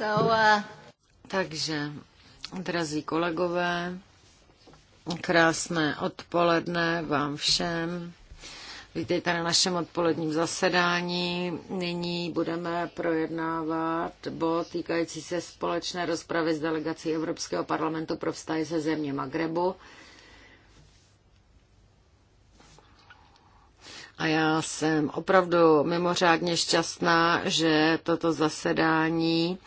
Uh, takže, drazí kolegové, krásné odpoledne vám všem. Vítejte na našem odpoledním zasedání. Nyní budeme projednávat bod týkající se společné rozpravy s delegací Evropského parlamentu pro vztahy se země Magrebu. A já jsem opravdu mimořádně šťastná, že toto zasedání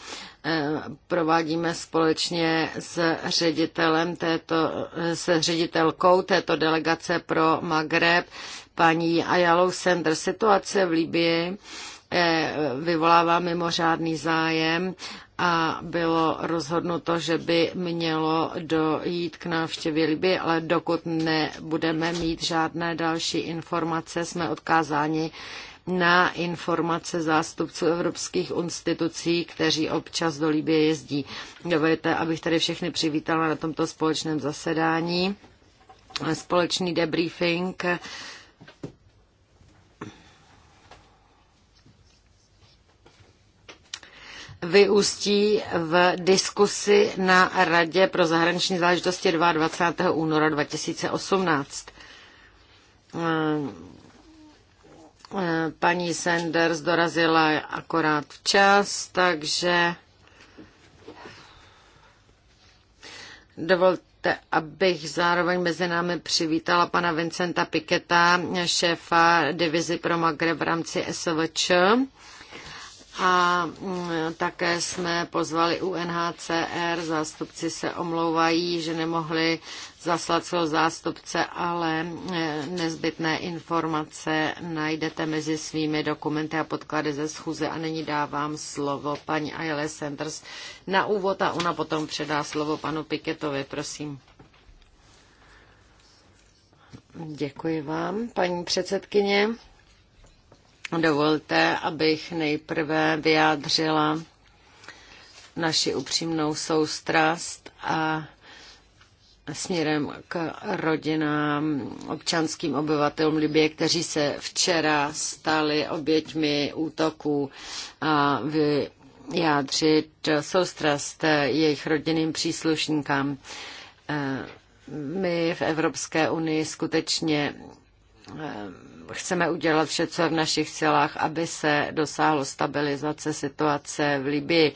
eh, provádíme společně s ředitelem této, eh, se ředitelkou této delegace pro Magreb, paní Ajalou Sender. Situace v Libii eh, vyvolává mimořádný zájem a bylo rozhodnuto, že by mělo dojít k návštěvě Liby, ale dokud nebudeme mít žádné další informace, jsme odkázáni na informace zástupců evropských institucí, kteří občas do Libie jezdí. Dovolte, abych tady všechny přivítala na tomto společném zasedání. Společný debriefing vyústí v diskusi na Radě pro zahraniční záležitosti 22. února 2018. Eh, paní Sanders dorazila akorát včas, takže dovolte abych zároveň mezi námi přivítala pana Vincenta Piketa, šéfa divizi pro Magre v rámci SVČ a mm, také jsme pozvali UNHCR, zástupci se omlouvají, že nemohli zaslat svého zástupce, ale e, nezbytné informace najdete mezi svými dokumenty a podklady ze schůze a nyní dávám slovo paní Ayala Sanders na úvod a ona potom předá slovo panu Piketovi, prosím. Děkuji vám, paní předsedkyně. Dovolte, abych nejprve vyjádřila naši upřímnou soustrast a směrem k rodinám, občanským obyvatelům Libie, kteří se včera stali oběťmi útoků a vyjádřit soustrast jejich rodinným příslušníkám. Eh, my v Evropské unii skutečně Eh, chceme udělat vše, co je v našich silách, aby se dosáhlo stabilizace situace v Libii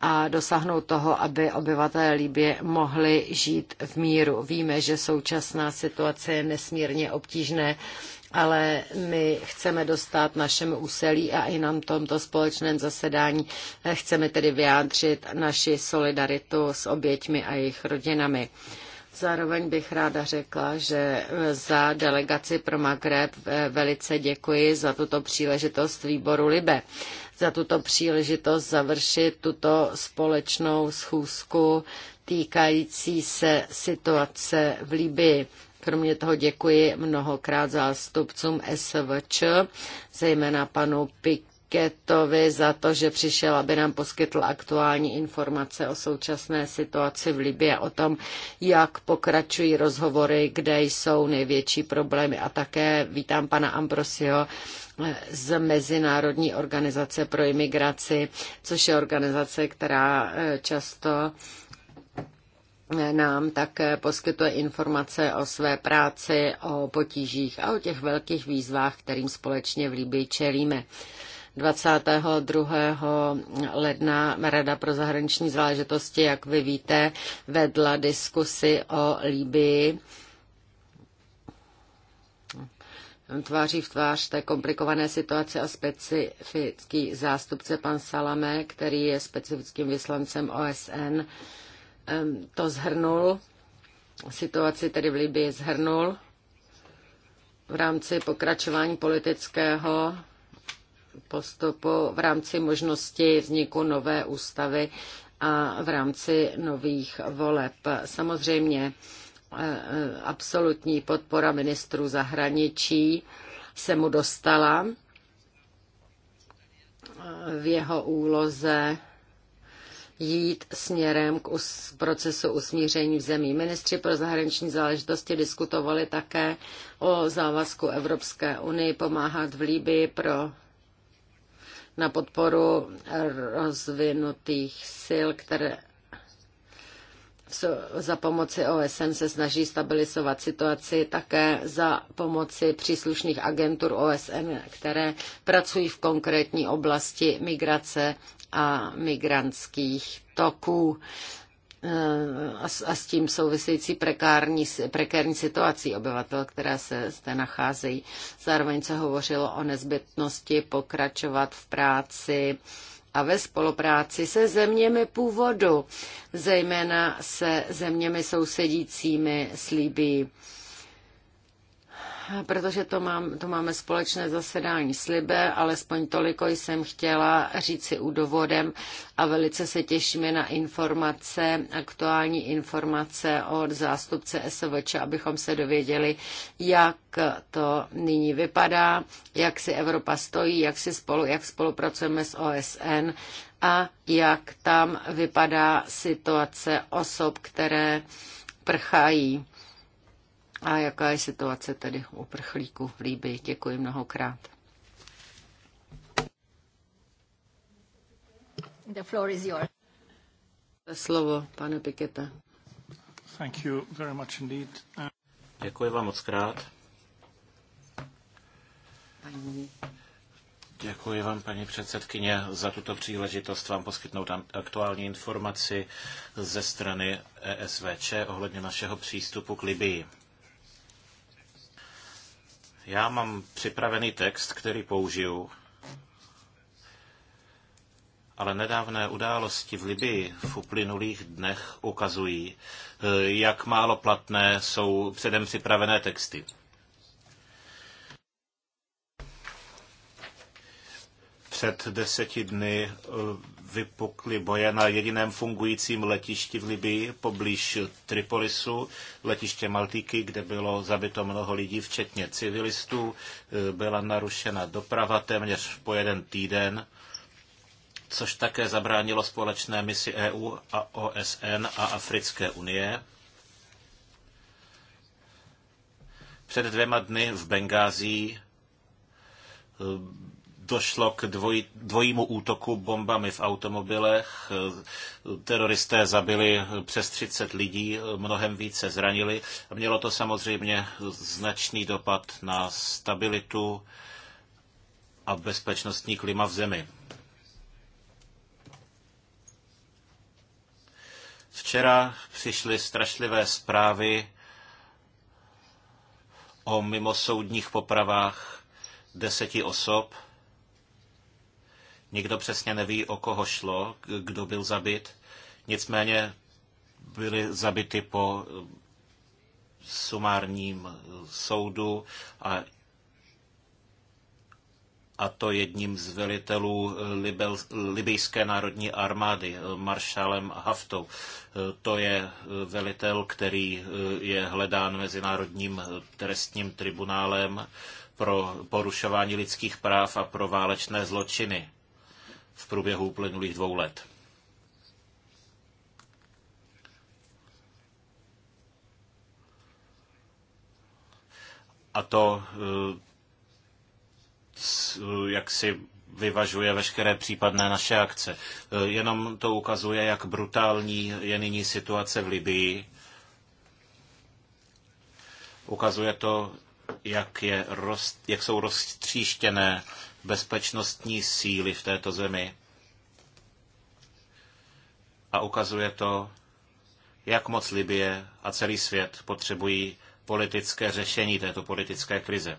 a dosáhnout toho, aby obyvatelé Libie mohli žít v míru. Víme, že současná situace je nesmírně obtížné, ale my chceme dostat našemu úsilí a i nám tomto společném zasedání eh, chceme tedy vyjádřit naši solidaritu s oběťmi a jejich rodinami. Zároveň bych ráda řekla, že za delegaci pro Magreb eh, velice děkuji za tuto příležitost výboru Libe, za tuto příležitost završit tuto společnou schůzku týkající se situace v Libii. Kromě toho děkuji mnohokrát zástupcům SVČ, zejména panu Pik Ketovi za to, že přišel, aby nám poskytl aktuální informace o současné situaci v Libě, o tom, jak pokračují rozhovory, kde jsou největší problémy. A také vítám pana Ambrosio z Mezinárodní organizace pro imigraci, což je organizace, která eh, často eh, nám také eh, poskytuje informace o své práci, o potížích a o těch velkých výzvách, kterým společně v Libii čelíme. 22. ledna Rada pro zahraniční záležitosti, jak vy víte, vedla diskusy o Líbii tváří v tvář té komplikované situace a specifický zástupce pan Salame, který je specifickým vyslancem OSN, to zhrnul, situaci tedy v Libii zhrnul v rámci pokračování politického postupu v rámci možnosti vzniku nové ústavy a v rámci nových voleb. Samozřejmě eh, absolutní podpora ministrů zahraničí se mu dostala v jeho úloze jít směrem k procesu usmíření v zemí. Ministři pro zahraniční záležitosti diskutovali také o závazku Evropské unie pomáhat v Líbii pro na podporu rozvinutých sil, které za pomoci OSN se snaží stabilizovat situaci také za pomoci příslušných agentur OSN, které pracují v konkrétní oblasti migrace a migrantských toků. Eh, a s, a s tím související prekární, prekární situací obyvatel, které se zde nacházejí. Zároveň se hovořilo o nezbytnosti pokračovat v práci a ve spolupráci se zeměmi původu, zejména se zeměmi sousedícími s Líbí protože to, mám, to máme společné zasedání slibe, alespoň toliko jsem chtěla říci u dovodem a velice se těšíme na informace, aktuální informace od zástupce SVČ, abychom se dověděli, jak to nyní vypadá, jak si Evropa stojí, jak, si spolu, jak spolupracujeme s OSN a jak tam vypadá situace osob, které prchají a jaká je situace tedy u prchlíků v Líbii. Děkuji mnohokrát. The floor is yours. Slovo, pane Piketa. Thank you very much indeed. Děkuji vám moc krát. Děkuji vám, paní předsedkyně, za tuto příležitost vám poskytnout aktuální informaci ze strany ESVČ ohledně našeho přístupu k Libii. Já mám připravený text, který použiju, ale nedávné události v Libii v uplynulých dnech ukazují, eh, jak málo platné jsou předem připravené texty. Před deseti dny eh, vypukly boje na jediném fungujícím letišti v Libii poblíž Tripolisu, letiště Maltiky, kde bylo zabito mnoho lidí, včetně civilistů. E, byla narušena doprava téměř po jeden týden což také zabránilo společné misi EU a OSN a Africké unie. Před dvěma dny v Bengází e, došlo k dvoj, dvojímu útoku bombami v automobilech. Teroristé zabili přes 30 lidí, mnohem více zranili. Mělo to samozřejmě značný dopad na stabilitu a bezpečnostní klima v zemi. Včera přišly strašlivé zprávy o mimosoudních popravách deseti osob – Nikdo přesně neví, o koho šlo, kdo byl zabit. Nicméně byly zabity po eh, sumárním eh, soudu a, a to jedním z velitelů eh, Libel, libijské národní armády, maršálem Haftou. To je velitel, který je hledán Mezinárodním trestním tribunálem pro porušování lidských práv a pro válečné zločiny v průběhu uplynulých dvou let. A to eh, eh, jak si vyvažuje veškeré případné naše akce. Eh, jenom to ukazuje, jak brutální je nyní situace v Libii. Ukazuje to, jak, je roz, jak jsou roztříštěné bezpečnostní síly v této zemi. A ukazuje to, jak moc Libie a celý svět potřebují politické řešení této politické krize.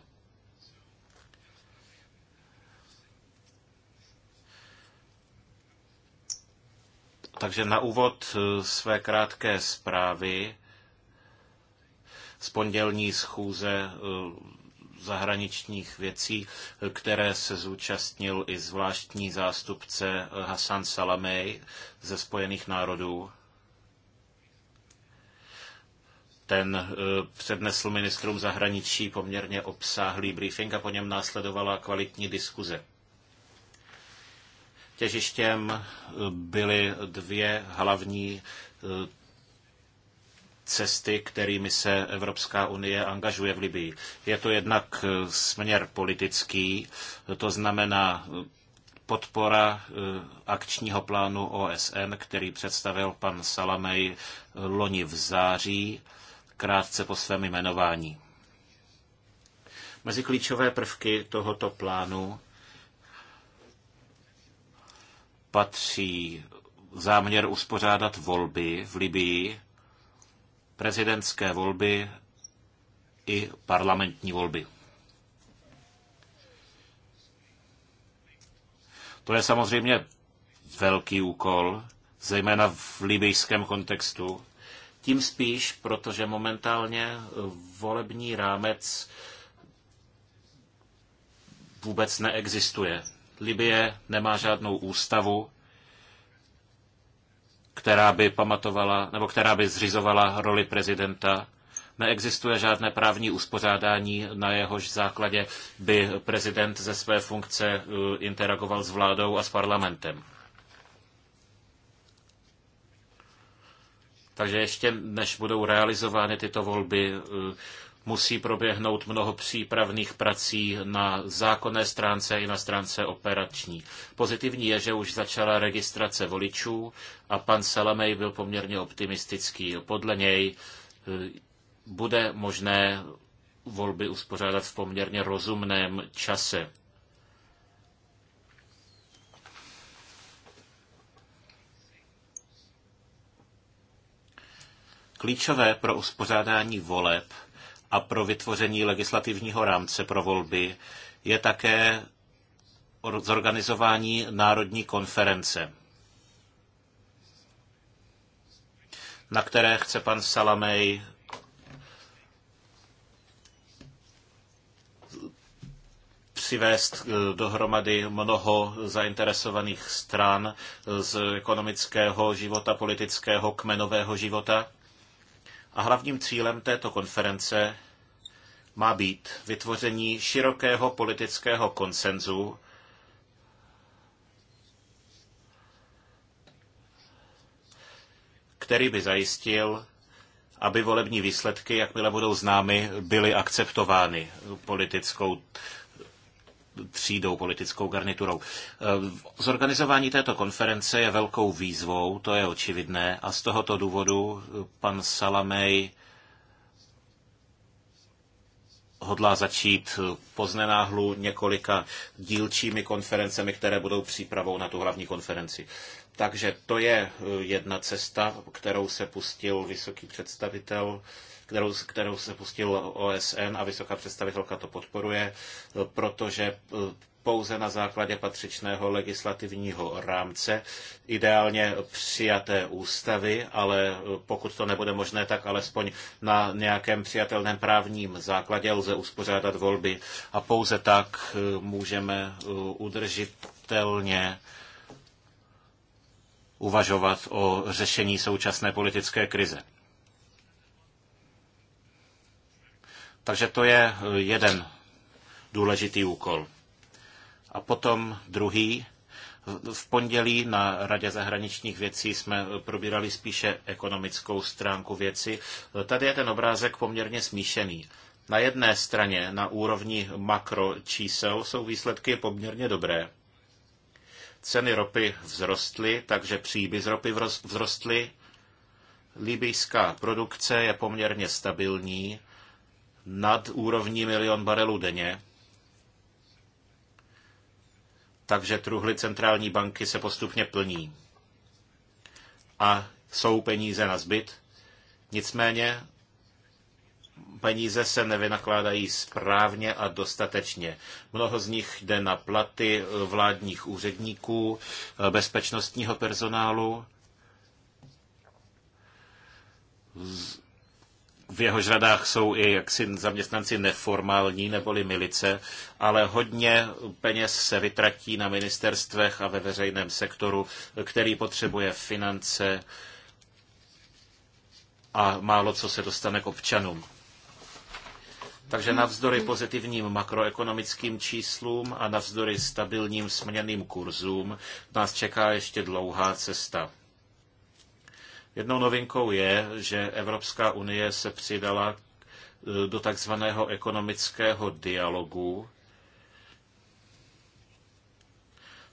Takže na úvod eh, své krátké zprávy z pondělní schůze eh, zahraničních věcí, které se zúčastnil i zvláštní zástupce Hasan Salamej ze Spojených národů. Ten eh, přednesl ministrům zahraničí poměrně obsáhlý briefing a po něm následovala kvalitní diskuze. Těžištěm eh, byly dvě hlavní eh, cesty, kterými se Evropská unie angažuje v Libii. Je to jednak eh, směr politický, to znamená eh, podpora eh, akčního plánu OSN, který představil pan Salamej loni v září, krátce po svém jmenování. Mezi klíčové prvky tohoto plánu patří záměr uspořádat volby v Libii prezidentské volby i parlamentní volby. To je samozřejmě velký úkol, zejména v libijském kontextu. Tím spíš, protože momentálně volební rámec vůbec neexistuje. Libie nemá žádnou ústavu která by pamatovala, nebo která by zřizovala roli prezidenta. Neexistuje žádné právní uspořádání, na jehož základě by prezident ze své funkce eh, interagoval s vládou a s parlamentem. Takže ještě než budou realizovány tyto volby, eh, musí proběhnout mnoho přípravných prací na zákonné stránce i na stránce operační. Pozitivní je, že už začala registrace voličů a pan Salamej byl poměrně optimistický. Podle něj e, bude možné volby uspořádat v poměrně rozumném čase. Klíčové pro uspořádání voleb a pro vytvoření legislativního rámce pro volby je také zorganizování národní konference, na které chce pan Salamej přivést eh, dohromady mnoho zainteresovaných stran eh, z ekonomického života, politického, kmenového života. A hlavním cílem této konference má být vytvoření širokého politického konsenzu který by zajistil, aby volební výsledky, jakmile budou známy, byly akceptovány politickou třídou, politickou garniturou. E, zorganizování této konference je velkou výzvou, to je očividné, a z tohoto důvodu pan Salamej hodlá začít poznenáhlu několika dílčími konferencemi, které budou přípravou na tu hlavní konferenci. Takže to je e, jedna cesta, kterou se pustil vysoký představitel kterou, kterou se pustil OSN a vysoká představitelka to podporuje, protože eh, pouze na základě patřičného legislativního rámce, ideálně přijaté ústavy, ale eh, pokud to nebude možné, tak alespoň na nějakém přijatelném právním základě lze uspořádat volby a pouze tak eh, můžeme udržitelně uvažovat o řešení současné politické krize. Takže to je eh, jeden důležitý úkol. A potom druhý. V pondělí na Radě zahraničních věcí jsme eh, probírali spíše ekonomickou stránku věci. Eh, tady je ten obrázek poměrně smíšený. Na jedné straně, na úrovni makro čísel, jsou výsledky poměrně dobré. Ceny ropy vzrostly, takže příjmy z ropy vzrostly. Libijská produkce je poměrně stabilní nad úrovní milion barelů denně. Takže truhly centrální banky se postupně plní. A jsou peníze na zbyt. Nicméně peníze se nevynakládají správně a dostatečně. Mnoho z nich jde na platy vládních úředníků, bezpečnostního personálu, v jeho řadách jsou i jaksi zaměstnanci neformální neboli milice, ale hodně peněz se vytratí na ministerstvech a ve veřejném sektoru, který potřebuje finance a málo co se dostane k občanům. Takže navzdory pozitivním makroekonomickým číslům a navzdory stabilním směným kurzům nás čeká ještě dlouhá cesta. Jednou novinkou je, že Evropská unie se přidala e, do takzvaného ekonomického dialogu,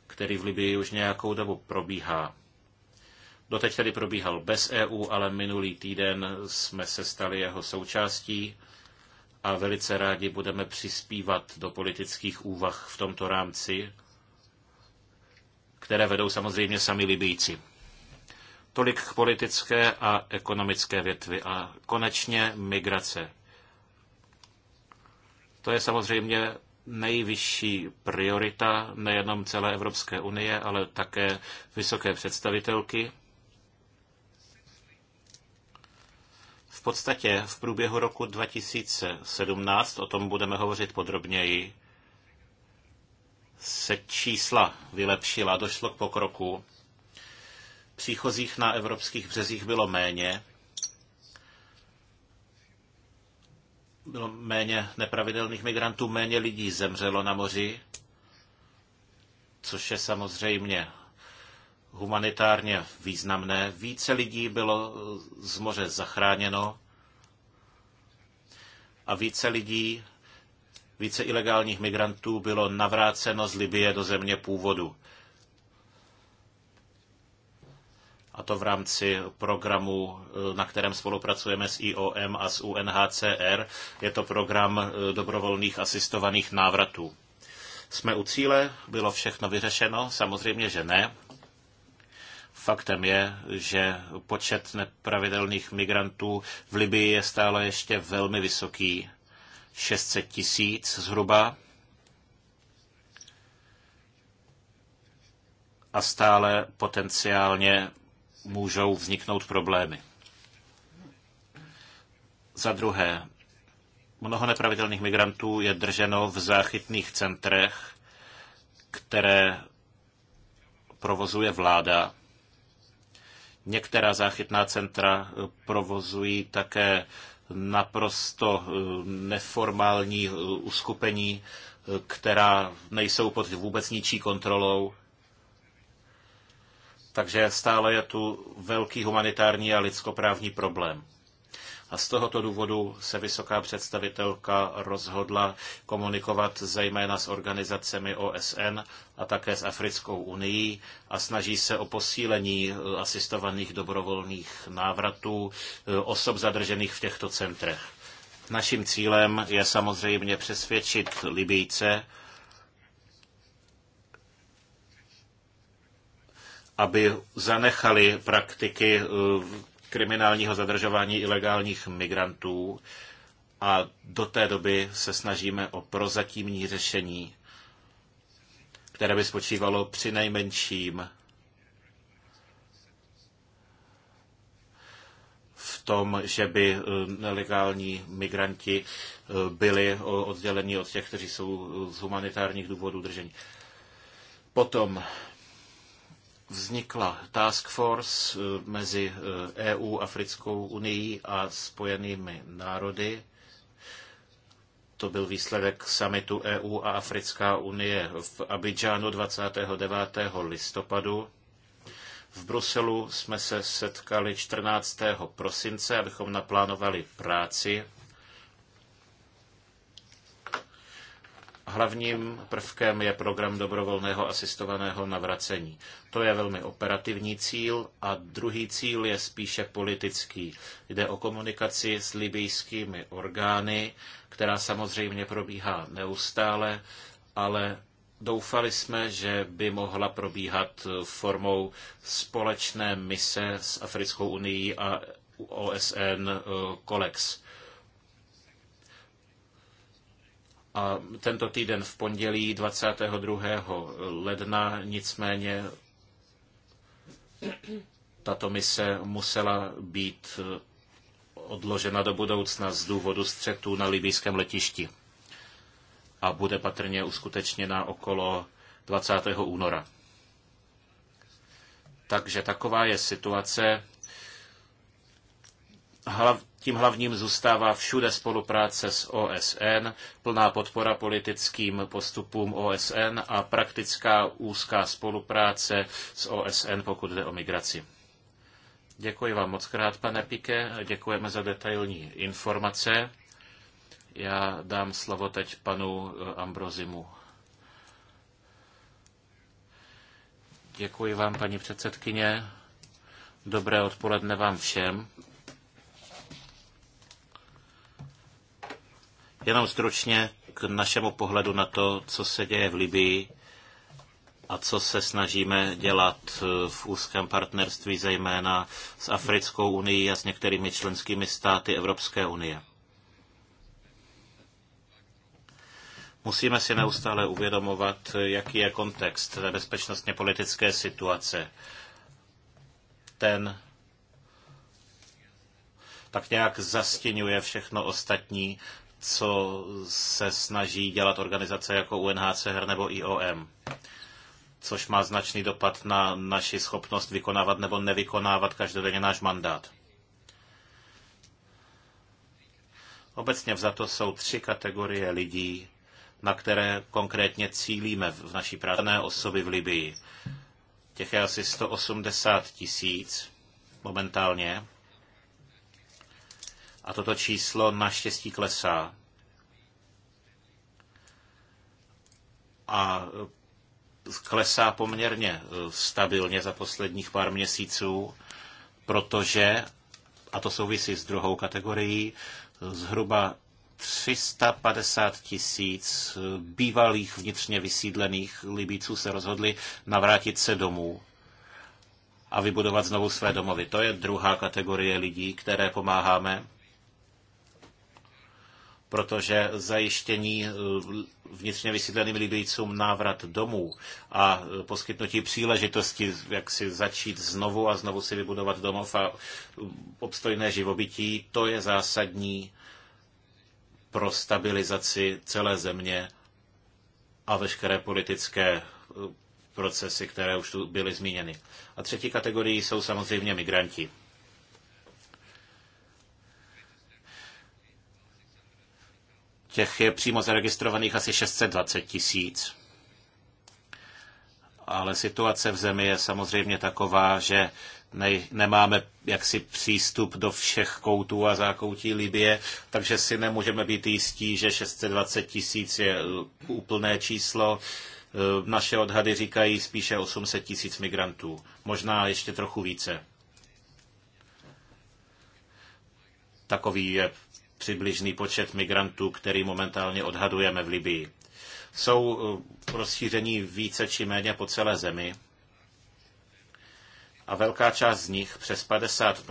který v Libii už nějakou dobu probíhá. Doteď tedy probíhal bez EU, ale minulý týden jsme se stali jeho součástí a velice rádi budeme přispívat do politických úvah v tomto rámci, které vedou samozřejmě sami Libijci. Tolik k politické a ekonomické větvi. A konečně migrace. To je samozřejmě nejvyšší priorita nejenom celé Evropské unie, ale také vysoké představitelky. V podstatě v průběhu roku 2017, o tom budeme hovořit podrobněji, se čísla vylepšila, došlo k pokroku příchozích na evropských březích bylo méně. Bylo méně nepravidelných migrantů, méně lidí zemřelo na moři, což je samozřejmě humanitárně významné. Více lidí bylo z moře zachráněno a více lidí, více ilegálních migrantů bylo navráceno z Libie do země původu. a to v rámci programu, eh, na kterém spolupracujeme s IOM a s UNHCR. Je to program eh, dobrovolných asistovaných návratů. Jsme u cíle, bylo všechno vyřešeno? Samozřejmě, že ne. Faktem je, že počet nepravidelných migrantů v Libii je stále ještě velmi vysoký. 600 tisíc zhruba. A stále potenciálně můžou vzniknout problémy. Za druhé, mnoho nepravidelných migrantů je drženo v záchytných centrech, které provozuje vláda. Některá záchytná centra provozují také naprosto eh, neformální eh, uskupení, eh, která nejsou pod vůbec ničí kontrolou takže stále je tu velký humanitární a lidskoprávní problém. A z tohoto důvodu se vysoká představitelka rozhodla komunikovat zejména s organizacemi OSN a také s Africkou unii a snaží se o posílení eh, asistovaných dobrovolných návratů eh, osob zadržených v těchto centrech. Naším cílem je samozřejmě přesvědčit Libijce, aby zanechali praktiky eh, kriminálního zadržování ilegálních migrantů a do té doby se snažíme o prozatímní řešení, které by spočívalo při nejmenším v tom, že by eh, nelegální migranti eh, byli odděleni od těch, kteří jsou z humanitárních důvodů drženi. Potom vznikla task force eh, mezi EU, eh, e Africkou unii a spojenými národy. To byl výsledek summitu EU a Africká unie v Abidžánu 29. listopadu. V Bruselu jsme se setkali 14. prosince, abychom naplánovali práci Hlavním prvkem je program dobrovolného asistovaného navracení. To je velmi operativní cíl a druhý cíl je spíše politický. Jde o komunikaci s libijskými orgány, která samozřejmě probíhá neustále, ale doufali jsme, že by mohla probíhat formou společné mise s Africkou unii a OSN eh, COLEX. a tento týden v pondělí 22. ledna nicméně tato mise musela být odložena do budoucna z důvodu střetu na libijském letišti a bude patrně uskutečněna okolo 20. února. Takže taková je situace. Hlav, tím hlavním zůstává všude spolupráce s OSN, plná podpora politickým postupům OSN a praktická úzká spolupráce s OSN, pokud jde o migraci. Děkuji vám moc krát, pane Pike, děkujeme za detailní informace. Já dám slovo teď panu eh, Ambrozimu. Děkuji vám, paní předsedkyně. Dobré odpoledne vám všem. Jenom stručně k našemu pohledu na to, co se děje v Libii a co se snažíme dělat eh, v úzkém partnerství, zejména s Africkou unii a s některými členskými státy Evropské unie. Musíme si neustále uvědomovat, jaký je kontext té bezpečnostně politické situace. Ten tak nějak zastěňuje všechno ostatní, co se snaží dělat organizace jako UNHCR nebo IOM, což má značný dopad na naši schopnost vykonávat nebo nevykonávat každodenně náš mandát. Obecně vzato jsou tři kategorie lidí, na které konkrétně cílíme v naší právné osoby v Libii. Těch je asi 180 tisíc momentálně a toto číslo naštěstí klesá. A e, klesá poměrně e, stabilně za posledních pár měsíců, protože, a to souvisí s druhou kategorií, zhruba 350 tisíc e, bývalých vnitřně vysídlených Libíců se rozhodli navrátit se domů a vybudovat znovu své domovy. To je druhá kategorie lidí, které pomáháme protože zajištění eh, vnitřně vysídleným Libijcům návrat domů a eh, poskytnutí příležitosti, jak si začít znovu a znovu si vybudovat domov a eh, obstojné živobytí, to je zásadní pro stabilizaci celé země a veškeré politické procesy, které už tu byly zmíněny. A třetí kategorií jsou samozřejmě migranti. Těch je přímo zaregistrovaných asi 620 tisíc. Ale situace v zemi je samozřejmě taková, že ne, nemáme jaksi přístup do všech koutů a zákoutí Libie, takže si nemůžeme být jistí, že 620 tisíc je eh, úplné číslo. Eh, naše odhady říkají spíše 800 tisíc migrantů, možná ještě trochu více. Takový je přibližný počet migrantů, který momentálně odhadujeme v Libii. Jsou eh, rozšíření více či méně po celé zemi a velká část z nich, přes 50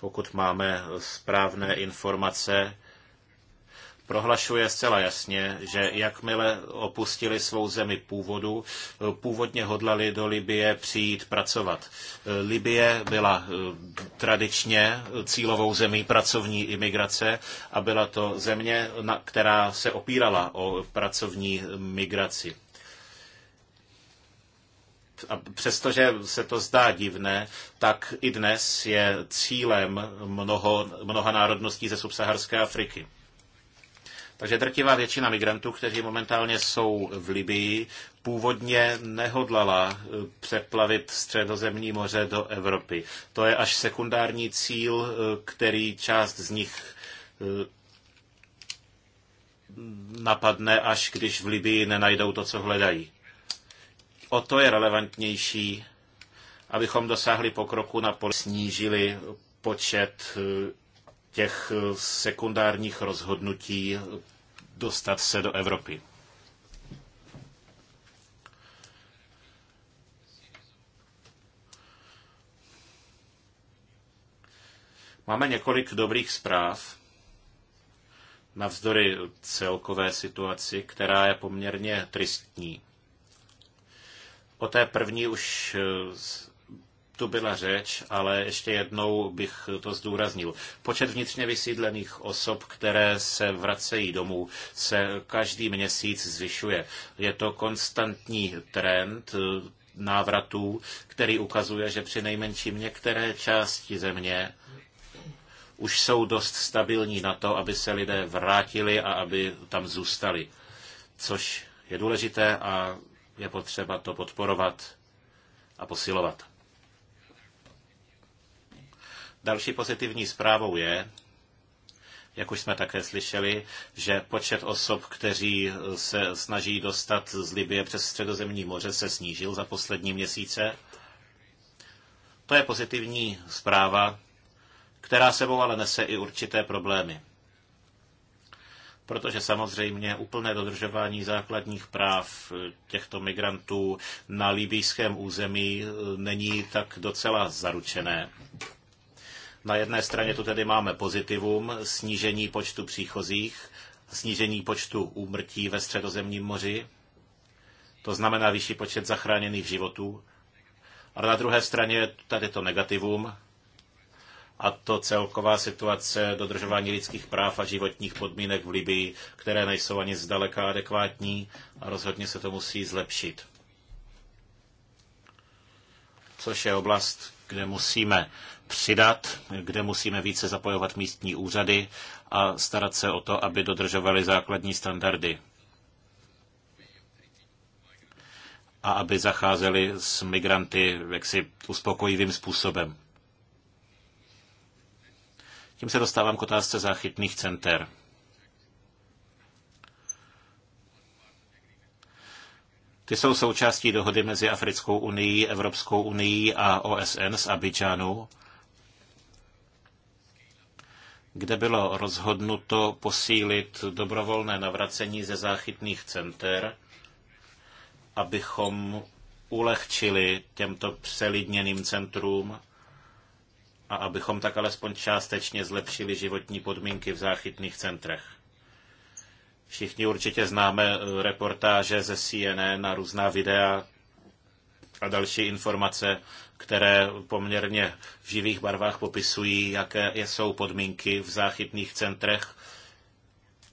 pokud máme správné informace, prohlašuje zcela jasně, že jakmile opustili svou zemi původu, původně hodlali do Libie přijít pracovat. Libie byla eh, tradičně cílovou zemí pracovní imigrace a byla to země, která se opírala o pracovní migraci a přestože se to zdá divné, tak i dnes je cílem mnoho, mnoha národností ze subsaharské Afriky. Takže drtivá většina migrantů, kteří momentálně jsou v Libii, původně nehodlala eh, přeplavit středozemní moře do Evropy. To je až sekundární cíl, eh, který část z nich eh, napadne, až když v Libii nenajdou to, co hledají. O to je relevantnější, abychom dosáhli pokroku na poli, snížili počet těch eh, sekundárních rozhodnutí dostat se do Evropy. Máme několik dobrých zpráv navzdory celkové situaci, která je poměrně tristní. O té první už eh, tu byla řeč, ale ještě jednou bych to zdůraznil. Počet vnitřně vysídlených osob, které se vracejí domů, se každý měsíc zvyšuje. Je to konstantní trend, návratů, který ukazuje, že při nejmenším některé části země už jsou dost stabilní na to, aby se lidé vrátili a aby tam zůstali. Což je důležité a je potřeba to podporovat a posilovat. Další pozitivní zprávou je, jak už jsme také slyšeli, že počet osob, kteří se snaží dostat z Libie přes středozemní moře, se snížil za poslední měsíce. To je pozitivní zpráva, která sebou ale nese i určité problémy. Protože samozřejmě úplné dodržování základních práv těchto migrantů na libijském území není tak docela zaručené. Na jedné straně tu tedy máme pozitivum, snížení počtu příchozích, snížení počtu úmrtí ve středozemním moři, to znamená vyšší počet zachráněných životů. A na druhé straně tady to negativum, a to celková situace dodržování lidských práv a životních podmínek v Libii, které nejsou ani zdaleka adekvátní a rozhodně se to musí zlepšit. Což je oblast, kde musíme přidat, kde musíme více zapojovat místní úřady a starat se o to, aby dodržovali základní standardy a aby zacházeli s migranty jaksi uspokojivým způsobem. Tím se dostávám k otázce záchytných center. Ty jsou součástí dohody mezi Africkou unii, Evropskou unii a OSN z Abidžanu kde bylo rozhodnuto posílit dobrovolné navracení ze záchytných center, abychom ulehčili těmto přelidněným centrům a abychom tak alespoň částečně zlepšili životní podmínky v záchytných centrech. Všichni určitě známe eh, reportáže ze CNN na různá videa, a další informace, které poměrně v živých barvách popisují, jaké jsou podmínky v záchytných centrech.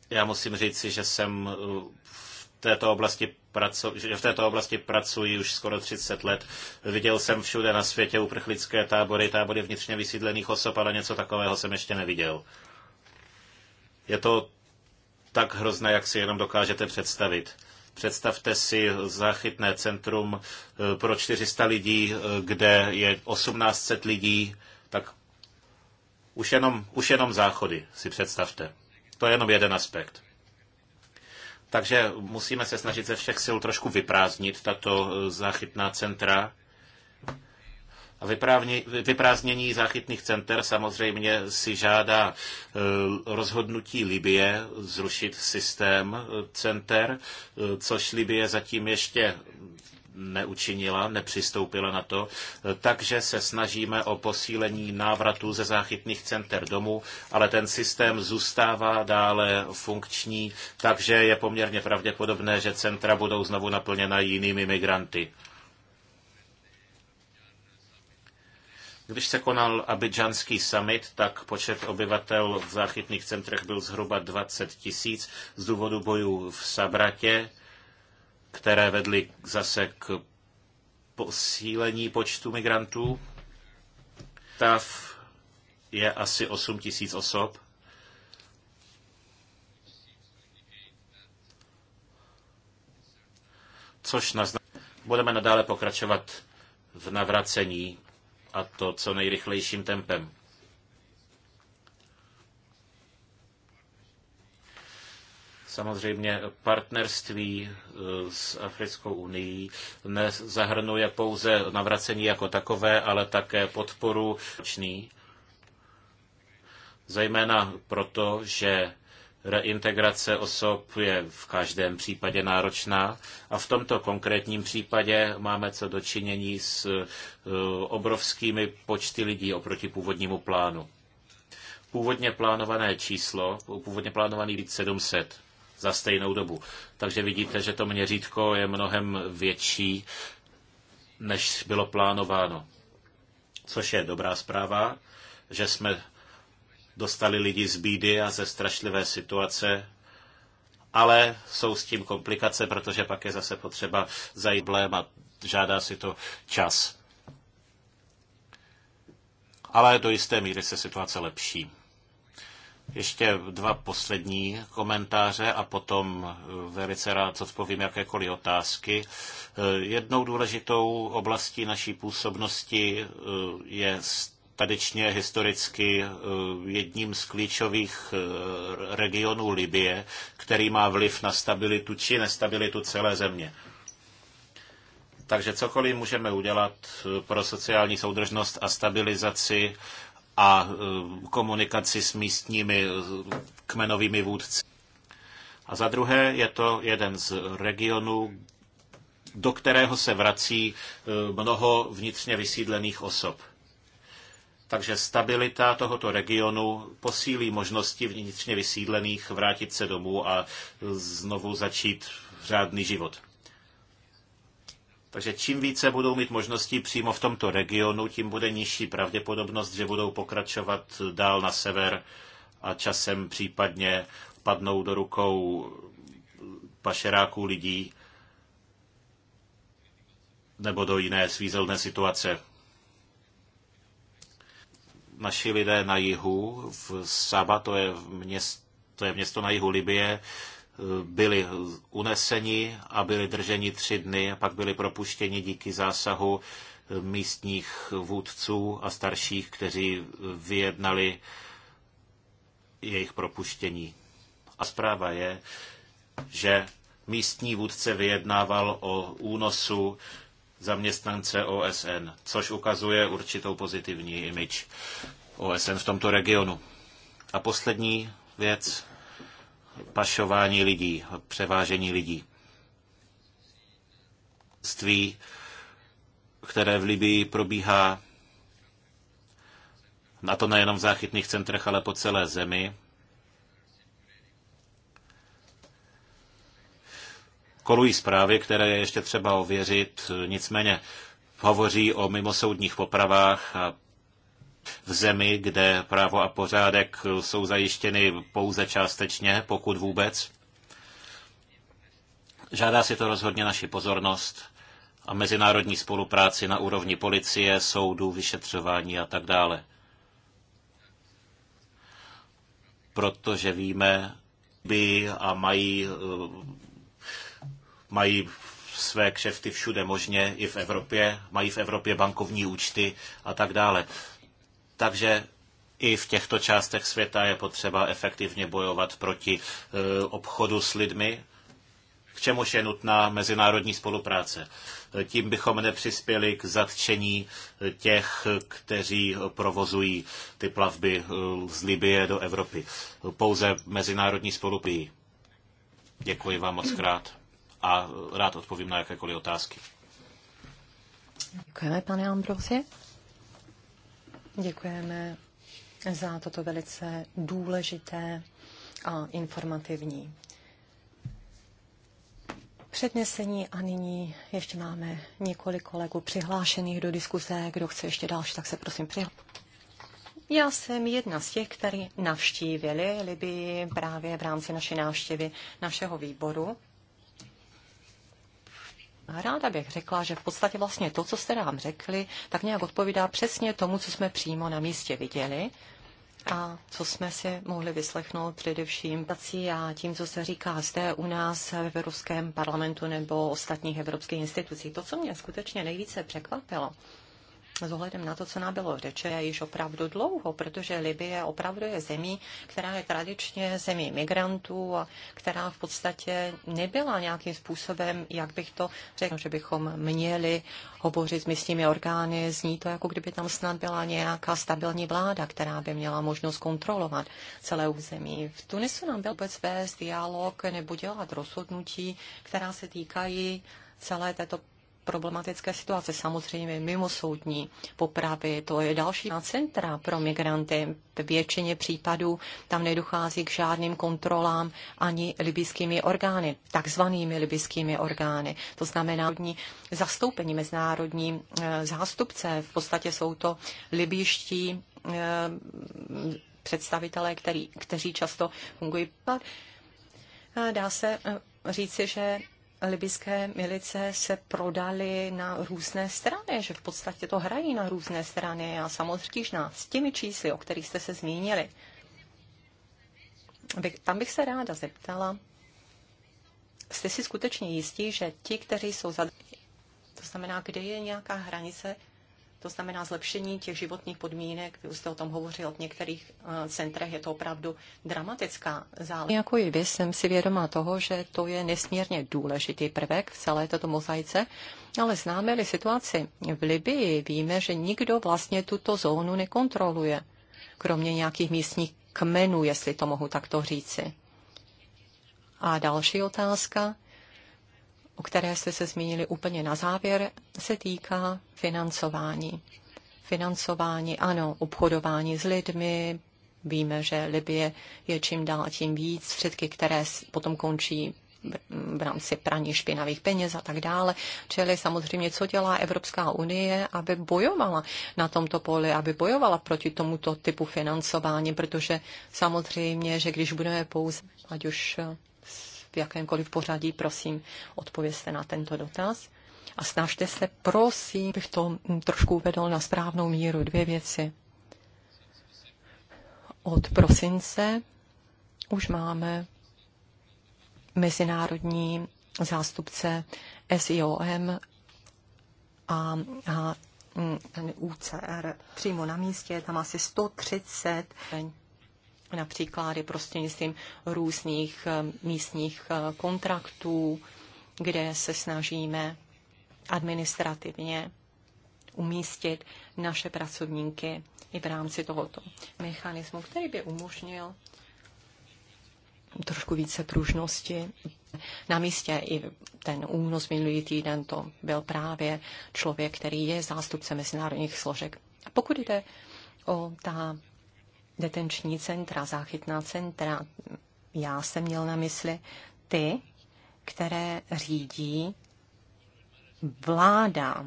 Já musím říci, že jsem uh, v této oblasti pracu, že v této oblasti pracuji už skoro 30 let. Viděl jsem všude na světě uprchlické tábory, tábory vnitřně vysídlených osob, ale něco takového jsem ještě neviděl. Je to tak hrozné, jak si jenom dokážete představit. Představte si záchytné centrum eh, pro 400 lidí, eh, kde je 1800 lidí, tak už jenom, už jenom záchody si představte. To je jenom jeden aspekt. Takže musíme se snažit ze všech sil trošku vyprázdnit tato eh, záchytná centra a vyprázdnění záchytných center samozřejmě si žádá e, rozhodnutí Libie zrušit systém e, center, e, což Libie zatím ještě neučinila, nepřistoupila na to, takže se snažíme o posílení návratu ze záchytných center domů, ale ten systém zůstává dále funkční, takže je poměrně pravděpodobné, že centra budou znovu naplněna jinými migranty. Když se konal abidžanský summit, tak počet obyvatel v záchytných centrech byl zhruba 20 tisíc z důvodu bojů v Sabratě, které vedly zase k posílení počtu migrantů. Tav je asi 8 tisíc osob. Což naznačuje, budeme nadále pokračovat v navracení a to co nejrychlejším tempem. Samozřejmě partnerství eh, s Africkou unii nezahrnuje pouze navracení jako takové, ale také podporu zejména proto, že Reintegrace osob je v každém případě náročná a v tomto konkrétním případě máme co dočinění s e, obrovskými počty lidí oproti původnímu plánu. Původně plánované číslo, původně plánovaný být 700 za stejnou dobu. Takže vidíte, že to měřítko je mnohem větší, než bylo plánováno. Což je dobrá zpráva, že jsme dostali lidi z bídy a ze strašlivé situace, ale jsou s tím komplikace, protože pak je zase potřeba zajít blém a žádá si to čas. Ale do jisté míry se situace lepší. Ještě dva poslední komentáře a potom eh, velice rád odpovím jakékoliv otázky. Eh, Jednou důležitou oblastí naší působnosti eh, je tradičně historicky eh, jedním z klíčových eh, regionů Libie, který má vliv na stabilitu či nestabilitu celé země. Takže cokoliv můžeme udělat eh, pro sociální soudržnost a stabilizaci a komunikaci s místními kmenovými vůdci. A za druhé je to jeden z regionů, do kterého se vrací mnoho vnitřně vysídlených osob. Takže stabilita tohoto regionu posílí možnosti vnitřně vysídlených vrátit se domů a znovu začít řádný život. Takže čím více budou mít možností přímo v tomto regionu, tím bude nižší pravděpodobnost, že budou pokračovat dál na sever a časem případně padnou do rukou pašeráků lidí nebo do jiné svízelné situace naši lidé na jihu, v Saba, to je, měst, to je město na jihu Libie, eh, byli uneseni a byli drženi tři dny, a pak byli propuštěni díky zásahu eh, místních vůdců a starších, kteří eh, vyjednali jejich propuštění. A zpráva je, že místní vůdce vyjednával o únosu zaměstnance OSN, což ukazuje určitou pozitivní image OSN v tomto regionu. A poslední věc, pašování lidí, převážení lidí. Ství, které v Libii probíhá, na to nejenom v záchytných centrech, ale po celé zemi, Kolují zprávy, které je ještě třeba ověřit, nicméně hovoří o mimosoudních popravách a v zemi, kde právo a pořádek jsou zajištěny pouze částečně, pokud vůbec. Žádá si to rozhodně naši pozornost a mezinárodní spolupráci na úrovni policie, soudů, vyšetřování a tak dále. Protože víme, by a mají eh, mají své kšefty všude možně, i v Evropě, mají v Evropě bankovní účty a tak dále. Takže i v těchto částech světa je potřeba efektivně bojovat proti e, obchodu s lidmi, k čemuž je nutná mezinárodní spolupráce. E, tím bychom nepřispěli k zatčení e, těch, kteří provozují ty plavby z Libie do Evropy. Pouze mezinárodní spolupráce. Děkuji vám moc krát a rád odpovím na jakékoliv otázky. Děkujeme, pane Ambrosie. Děkujeme za toto velice důležité a informativní přednesení a nyní ještě máme několik kolegů přihlášených do diskuze. Kdo chce ještě další, tak se prosím přihlásí. Já jsem jedna z těch, kteří navštívili Libii právě v rámci naší návštěvy našeho výboru ráda bych řekla, že v podstatě vlastně to, co jste nám řekli, tak nějak odpovídá přesně tomu, co jsme přímo na místě viděli a co jsme si mohli vyslechnout především prací a tím, co se říká zde u nás v Evropském parlamentu nebo ostatních evropských institucích. To, co mě skutečně nejvíce překvapilo, s ohledem na to, co nám bylo řečeno již opravdu dlouho, protože Libie opravdu je zemí, která je tradičně zemí migrantů a která v podstatě nebyla nějakým způsobem, jak bych to řekl, že bychom měli hovořit s místními orgány. Zní to, jako kdyby tam snad byla nějaká stabilní vláda, která by měla možnost kontrolovat celé území. V Tunisu nám byl vůbec vést dialog nebo dělat rozhodnutí, která se týkají celé této problematické situace, samozřejmě mimo soudní popravy. To je další centra pro migranty. V většině případů tam nedochází k žádným kontrolám ani libyskými orgány, takzvanými libyskými orgány. To znamená zastoupení mezinárodní e, zástupce. V podstatě jsou to libyští e, představitelé, který, kteří často fungují. E, dá se říci, že libyské milice se prodaly na různé strany, že v podstatě to hrají na různé strany. a samozřejmě s těmi čísly, o kterých jste se zmínili. Tam bych se ráda zeptala, jste si skutečně jistí, že ti, kteří jsou za... To znamená, kde je nějaká hranice to znamená zlepšení těch životních podmínek, vy už jste o tom hovořil, v některých eh, centrech je to opravdu dramatická záležitost. Jako i vy jsem si vědoma toho, že to je nesmírně důležitý prvek v celé této mozaice, ale známe-li situaci v Libii, víme, že nikdo vlastně tuto zónu nekontroluje, kromě nějakých místních kmenů, jestli to mohu takto říci. A další otázka o které jste se zmínili úplně na závěr, se týká financování. Financování, ano, obchodování s lidmi, víme, že Libie je čím dál tím víc, středky, které potom končí v rámci praní špinavých peněz a tak dále. Čili samozřejmě, co dělá Evropská unie, aby bojovala na tomto poli, aby bojovala proti tomuto typu financování, protože samozřejmě, že když budeme pouze, ať už v jakémkoliv pořadí, prosím, odpověste na tento dotaz. A snažte se, prosím, bych to hm, trošku uvedl na správnou míru. Dvě věci. Od prosince už máme mezinárodní zástupce SIOM a, a hm, UCR přímo na místě, tam asi 130 například i prostřednictvím různých eh, místních eh, kontraktů, kde se snažíme administrativně umístit naše pracovníky i v rámci tohoto mechanismu, který by umožnil trošku více pružnosti. Na místě i ten únos minulý týden to byl právě člověk, který je zástupce mezinárodních složek. A pokud jde o ta detenční centra, záchytná centra. Já jsem měl na mysli ty, které řídí vláda.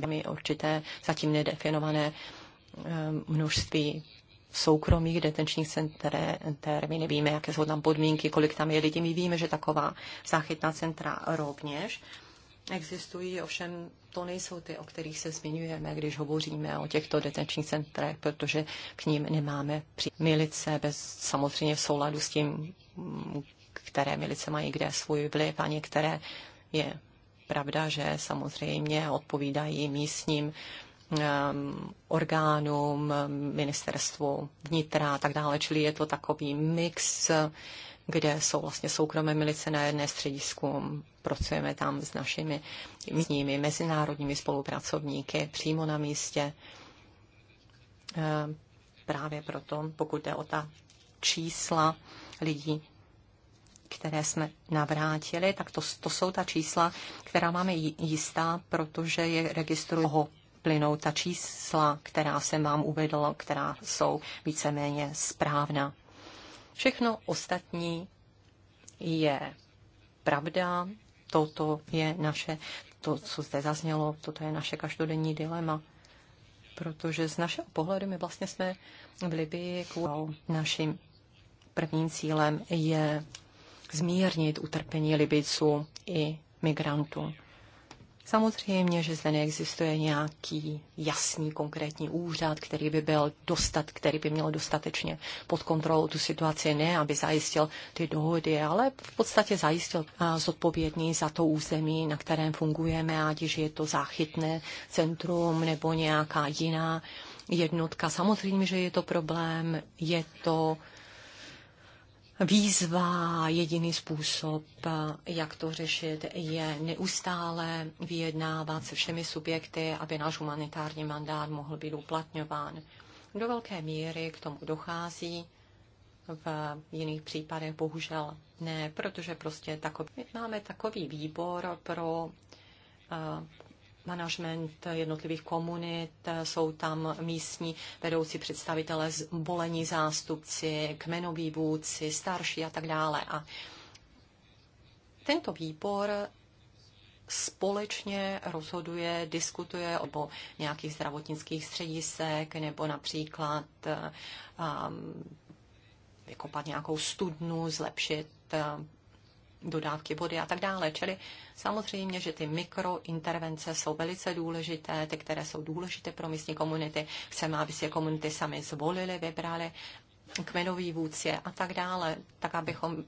Máme určité zatím nedefinované eh, množství soukromých detenčních center, my nevíme, jaké jsou tam podmínky, kolik tam je lidí. My víme, že taková záchytná centra rovněž Existují, ovšem to nejsou ty, o kterých se zmiňujeme, když hovoříme o těchto detenčních centrech, protože k ním nemáme při milice, bez, samozřejmě v souladu s tím, které milice mají kde svůj vliv a některé je pravda, že samozřejmě odpovídají místním um, orgánům, ministerstvu vnitra a tak dále, čili je to takový mix kde jsou vlastně soukromé milice na jedné středisku. Pracujeme tam s našimi místními mezinárodními spolupracovníky přímo na místě. Eh, právě proto, pokud jde o ta čísla lidí, které jsme navrátili, tak to, to jsou ta čísla, která máme jistá, protože je registrují plynou ta čísla, která jsem vám uvedla, která jsou víceméně správná. Všechno ostatní je pravda, toto je naše, to, co zde zaznělo, toto je naše každodenní dilema. Protože z našeho pohledu my vlastně jsme v Libii kvůli našim prvním cílem je zmírnit utrpení Libiců i migrantů. Samozřejmě, že zde neexistuje nějaký jasný konkrétní úřad, který by byl dostat, který by měl dostatečně pod kontrolou tu situaci, ne aby zajistil ty dohody, ale v podstatě zajistil zodpovědný za to území, na kterém fungujeme, ať je to záchytné centrum nebo nějaká jiná jednotka. Samozřejmě, že je to problém, je to výzva, jediný způsob, jak to řešit, je neustále vyjednávat se všemi subjekty, aby náš humanitární mandát mohl být uplatňován. Do velké míry k tomu dochází, v jiných případech bohužel ne, protože prostě takový, máme takový výbor pro eh, management jednotlivých komunit, jsou tam místní vedoucí představitelé, volení zástupci, kmenoví vůdci, starší a tak dále. A tento výbor společně rozhoduje, diskutuje o nějakých zdravotnických středisek nebo například um, vykopat jako nějakou studnu, zlepšit dodávky vody a tak dále. Čili samozřejmě, že ty mikrointervence jsou velice důležité, ty, které jsou důležité pro místní komunity. Chceme, aby si je komunity sami zvolili, vybrali kmenový vůdce a tak dále, tak abychom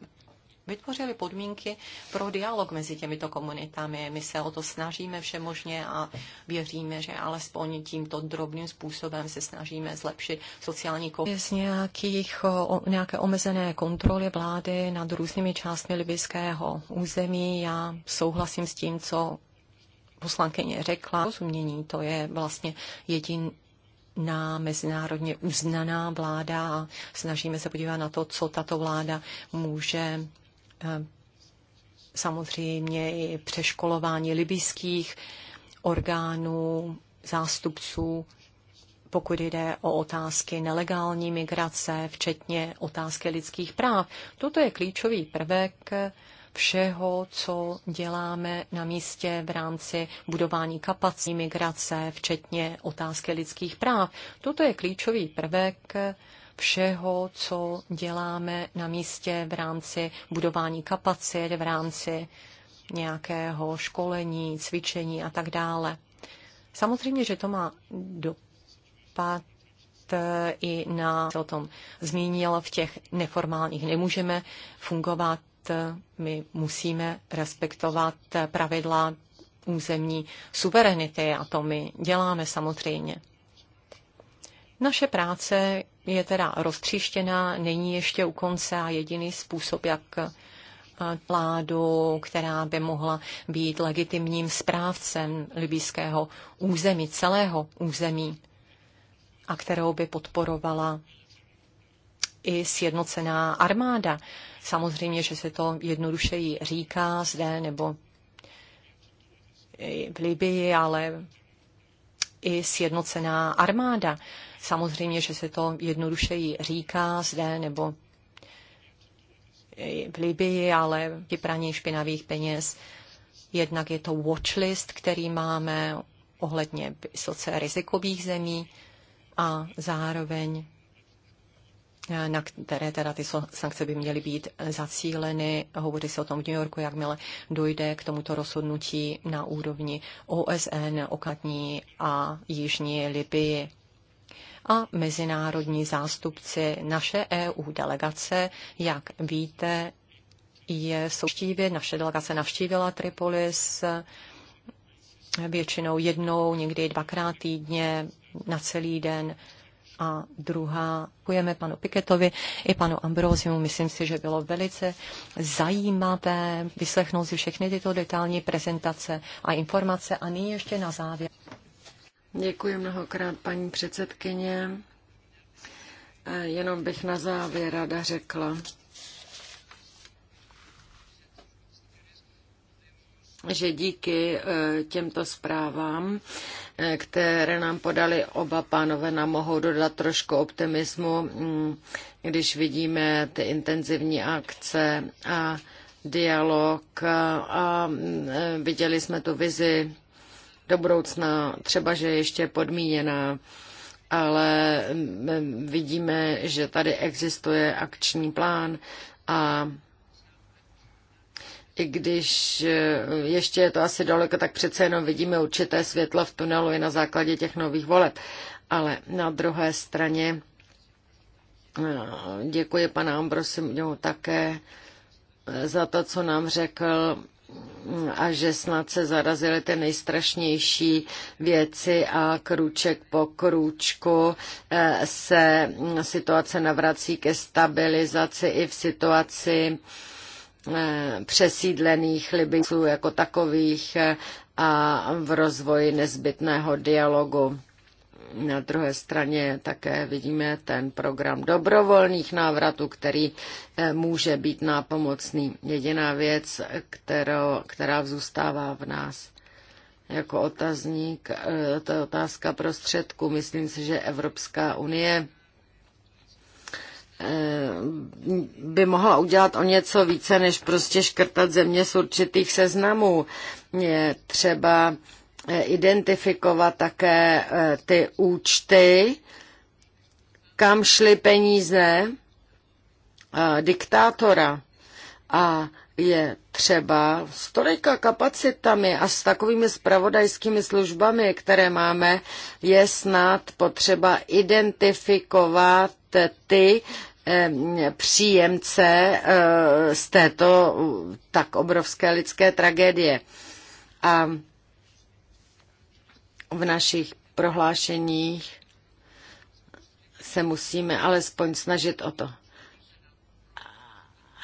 vytvořili podmínky pro dialog mezi těmito komunitami. My se o to snažíme všemožně a věříme, že alespoň tímto drobným způsobem se snažíme zlepšit sociální komunikaci. Z nějakých, o, nějaké omezené kontroly vlády nad různými částmi libyského území já souhlasím s tím, co poslankyně řekla. Rozumění to je vlastně jediný na mezinárodně uznaná vláda a snažíme se podívat na to, co tato vláda může Eh, samozřejmě i přeškolování libijských orgánů, zástupců, pokud jde o otázky nelegální migrace, včetně otázky lidských práv. Toto je klíčový prvek všeho, co děláme na místě v rámci budování kapacity migrace, včetně otázky lidských práv. Toto je klíčový prvek všeho, co děláme na místě v rámci budování kapacit, v rámci nějakého školení, cvičení a tak dále. Samozřejmě, že to má dopad eh, i na, se o tom zmínil, v těch neformálních nemůžeme fungovat, eh, my musíme respektovat eh, pravidla územní suverenity a to my děláme samozřejmě. Naše práce je teda roztříštěná, není ještě u konce a jediný způsob, jak eh, vládu, která by mohla být legitimním správcem libýského území, celého území, a kterou by podporovala i sjednocená armáda. Samozřejmě, že se to jednodušeji říká zde nebo v Libii, ale i sjednocená armáda. Samozřejmě, že se to jednodušeji říká zde nebo v Libii, ale ti praní špinavých peněz. Jednak je to watchlist, který máme ohledně vysoce rizikových zemí a zároveň Eh, na které teda ty sankce by měly být eh, zacíleny. Hovoří se o tom v New Yorku, jakmile dojde k tomuto rozhodnutí na úrovni OSN, okatní a Jižní Libii. A mezinárodní zástupci naše EU delegace, jak víte, je souštívě, naše delegace navštívila Tripolis eh, většinou jednou, někdy dvakrát týdně na celý den a druhá. Děkujeme panu Piketovi i panu Ambrosimu. Myslím si, že bylo velice zajímavé vyslechnout si všechny tyto detailní prezentace a informace. A nyní ještě na závěr. Děkuji mnohokrát, paní předsedkyně. Jenom bych na závěr rada řekla, že díky e, těmto zprávám, e, které nám podali oba pánové, nám mohou dodat trošku optimismu, mm, když vidíme ty intenzivní akce a dialog a e, viděli jsme tu vizi do budoucna, třeba že ještě podmíněná, ale mm, vidíme, že tady existuje akční plán a i když eh, ještě je to asi daleko, tak přece jenom vidíme určité světlo v tunelu i na základě těch nových voleb. Ale na druhé straně eh, děkuji pana Ambrosimu no, také eh, za to, co nám řekl mm, a že snad se zarazily ty nejstrašnější věci a krůček po krůčku se mm, situace navrací ke stabilizaci i v situaci Eh, přesídlených Libynců jako takových eh, a v rozvoji nezbytného dialogu. Na druhé straně také vidíme ten program dobrovolných návratů, který eh, může být nápomocný. Jediná věc, kterou, která zůstává v nás jako otazník, to je otázka prostředků. Myslím si, že Evropská unie Eh, by mohla udělat o něco více, než prostě škrtat země z určitých seznamů. Je třeba eh, identifikovat také eh, ty účty, kam šly peníze diktátora. A je třeba s tolika kapacitami a s takovými spravodajskými službami, které máme, je snad potřeba identifikovat ty, Eh, příjemce eh, z této tak obrovské lidské tragédie. A v našich prohlášeních se musíme alespoň snažit o to,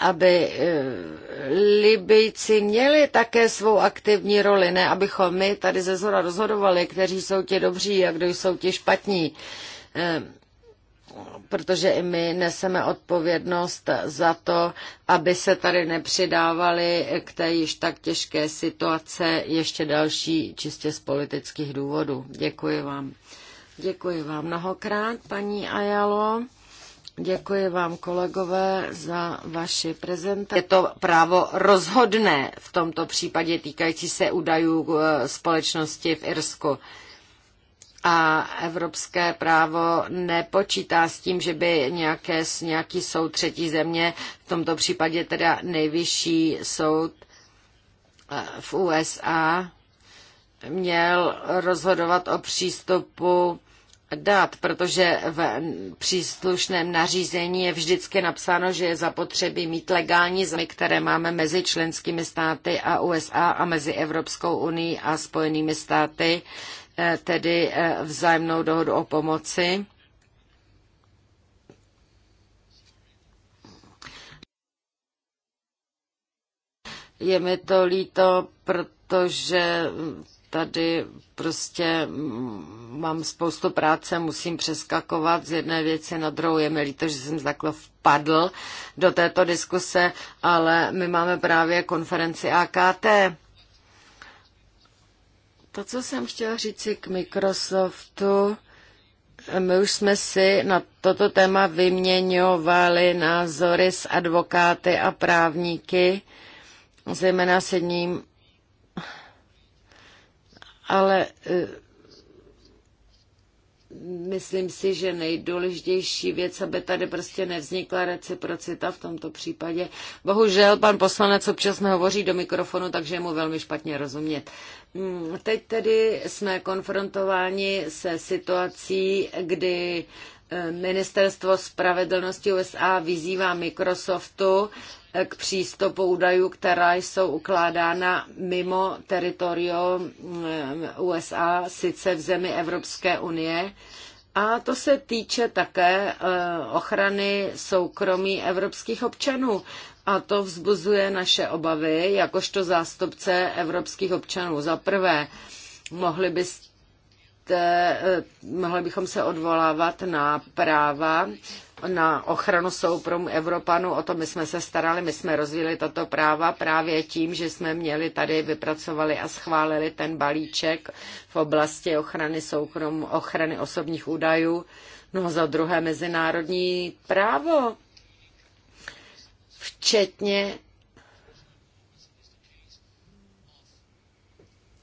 aby eh, Libyjci měli také svou aktivní roli, ne abychom my tady ze zhora rozhodovali, kteří jsou ti dobří a kdo jsou ti špatní protože i my neseme odpovědnost za to, aby se tady nepřidávaly k té již tak těžké situace ještě další čistě z politických důvodů. Děkuji vám. Děkuji vám mnohokrát, paní Ajalo. Děkuji vám, kolegové, za vaši prezentaci. Je to právo rozhodné v tomto případě týkající se údajů eh, společnosti v Irsku a evropské právo nepočítá s tím, že by nějaké, nějaký soud třetí země, v tomto případě teda nejvyšší soud eh, v USA, měl rozhodovat o přístupu dat, protože v příslušném nařízení je vždycky napsáno, že je zapotřebí mít legální zemi, které máme mezi členskými státy a USA a mezi Evropskou unii a Spojenými státy Eh, tedy eh, vzájemnou dohodu o pomoci. Je mi to líto, protože tady prostě mm, mám spoustu práce, musím přeskakovat z jedné věci na druhou. Je mi líto, že jsem takhle vpadl do této diskuse, ale my máme právě konferenci AKT. To, co jsem chtěla říct k Microsoftu, my už jsme si na toto téma vyměňovali názory s advokáty a právníky, zejména s jedním, ale eh, myslím si, že nejdůležitější věc, aby tady prostě nevznikla reciprocita v tomto případě. Bohužel pan poslanec občas nehovoří do mikrofonu, takže je mu velmi špatně rozumět. Hmm, teď tedy jsme konfrontováni se situací, kdy eh, Ministerstvo spravedlnosti USA vyzývá Microsoftu, k přístupu údajů, která jsou ukládána mimo teritorium eh, USA, sice v zemi Evropské unie. A to se týče také eh, ochrany soukromí evropských občanů. A to vzbuzuje naše obavy, jakožto zástupce evropských občanů. Za prvé, mohli byste E, mohli bychom se odvolávat na práva na ochranu soukromu Evropanů. O to my jsme se starali, my jsme rozvíjeli tato práva právě tím, že jsme měli tady, vypracovali a schválili ten balíček v oblasti ochrany soukrom, ochrany osobních údajů. No a za druhé mezinárodní právo, včetně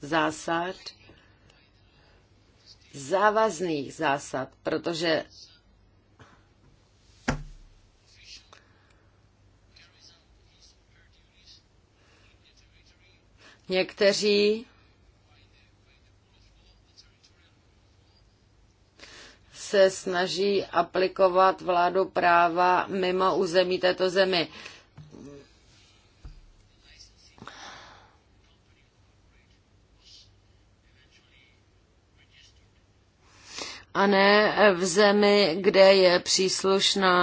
zásad závazných zásad, protože někteří se snaží aplikovat vládu práva mimo území této zemi. a ne v zemi, kde je příslušná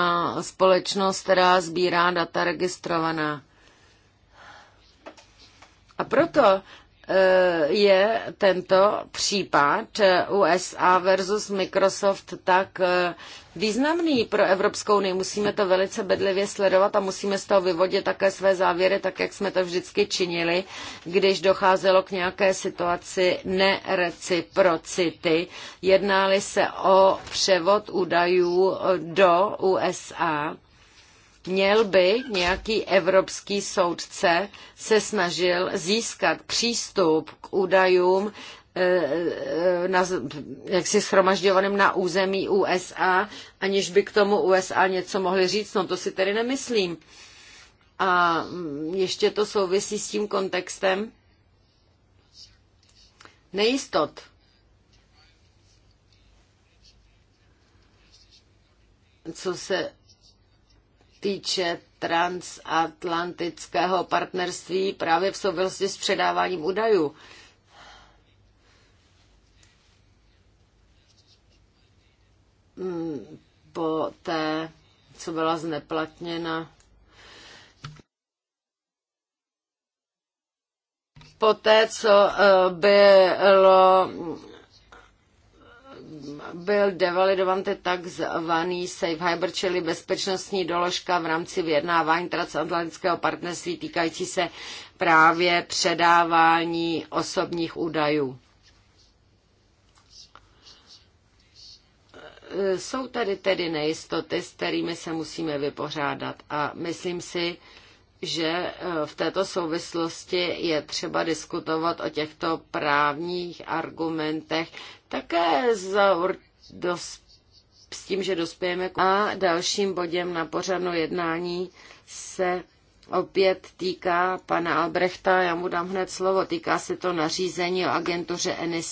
společnost, která sbírá data registrovaná. A proto Eh, je tento případ eh, USA versus Microsoft tak eh, významný pro Evropskou unii. Musíme to velice bedlivě sledovat a musíme z toho vyvodit také své závěry, tak jak jsme to vždycky činili, když docházelo k nějaké situaci nereciprocity. Jednáli se o převod údajů do USA Měl by nějaký evropský soudce se snažil získat přístup k údajům eh, eh, na, si schromažďovaným na území USA, aniž by k tomu USA něco mohli říct. No to si tedy nemyslím. A mm, ještě to souvisí s tím kontextem nejistot. Co se týče transatlantického partnerství právě v souvislosti s předáváním údajů. Hmm, po té, co byla zneplatněna poté, co eh, bylo byl devalidovan takzvaný safe harbor, čili bezpečnostní doložka v rámci vyjednávání transatlantického partnerství týkající se právě předávání osobních údajů. Jsou tady tedy nejistoty, s kterými se musíme vypořádat a myslím si, že eh, v této souvislosti je třeba diskutovat o těchto právních argumentech také za dos, s tím, že dospějeme k a dalším bodem na pořadu jednání se opět týká pana Albrechta, já mu dám hned slovo, týká se to nařízení o agentuře ENIS.